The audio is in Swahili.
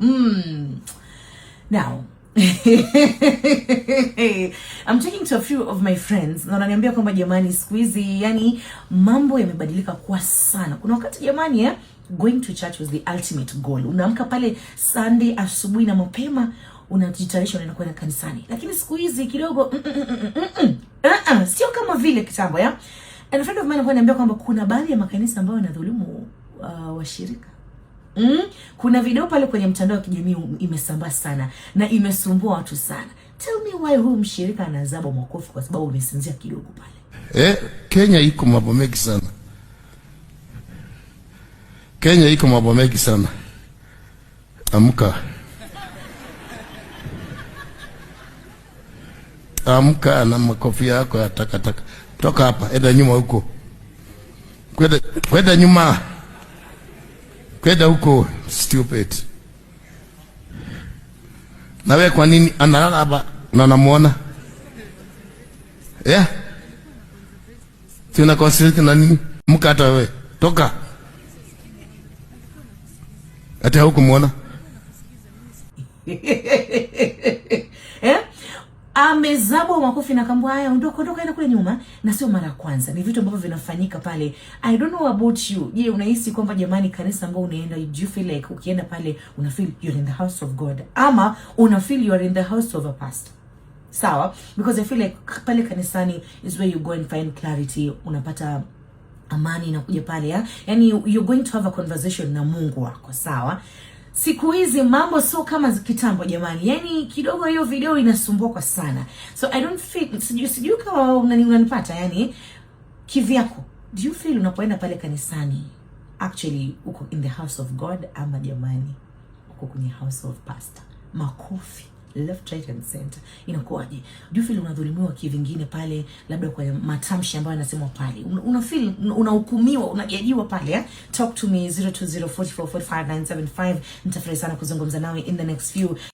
Mmm. Now I'm talking to a few of my friends na wananiambia kwamba jamani, siku hizi yani mambo yamebadilika kwa sana. Kuna wakati jamani, eh, going to church was the ultimate goal. Unaamka pale Sunday asubuhi na mapema unajitayarisha unaenda kwenda kanisani, lakini siku hizi kidogo Uh -uh. Sio kama vile kitambo ya. And a friend of mine ananiambia kwamba kuna baadhi ya makanisa ambayo yanadhulumu uh, washirika Mm? Kuna video pale kwenye mtandao wa kijamii um, imesambaa sana na imesumbua watu sana. Tell me why huyu mshirika anazaba makofi kwa sababu umesinzia kidogo pale. Eh, Kenya iko mambo mengi sana. Kenya iko mambo mengi sana. Amka. Amka na makofi yako ya takataka. Toka hapa, enda nyuma huko. Kwenda kwenda nyuma. Kwenda huko stupid. Na wewe kwa nini analala hapa na namuona? Yeah. Tuna concentrate na nini? Mkata wewe. Toka. Hata huko muona. makofi na kambwa, haya ondoka ondoka, enda kule nyuma. Na sio mara ya kwanza, ni vitu ambavyo vinafanyika pale. I don't know about you. Je, unahisi kwamba jamani, kanisa ambao unaenda, you feel like ukienda pale una feel you're in the house of God ama una feel you are in the house of a pastor? Sawa, because I feel like pale kanisani is where you go and find clarity, unapata amani inakuja pale ya? Yani, you're going to have a conversation na Mungu wako sawa. Siku hizi mambo sio kama kitambo jamani, yaani kidogo hiyo video inasumbuka sana, so I don't feel, sijui sijui kama unanipata yani kivyako. Do you feel unapoenda pale kanisani actually uko in the house of God ama jamani uko kwenye house of pastor? Makofi left right and center. Inakuwaje? Do you feel unadhulumiwa kivingine pale, labda kwa matamshi ambayo yanasemwa pale, una feel unahukumiwa, unajajiwa pale eh? Talk to me 0204445975 nitafurahi sana kuzungumza nawe in the next few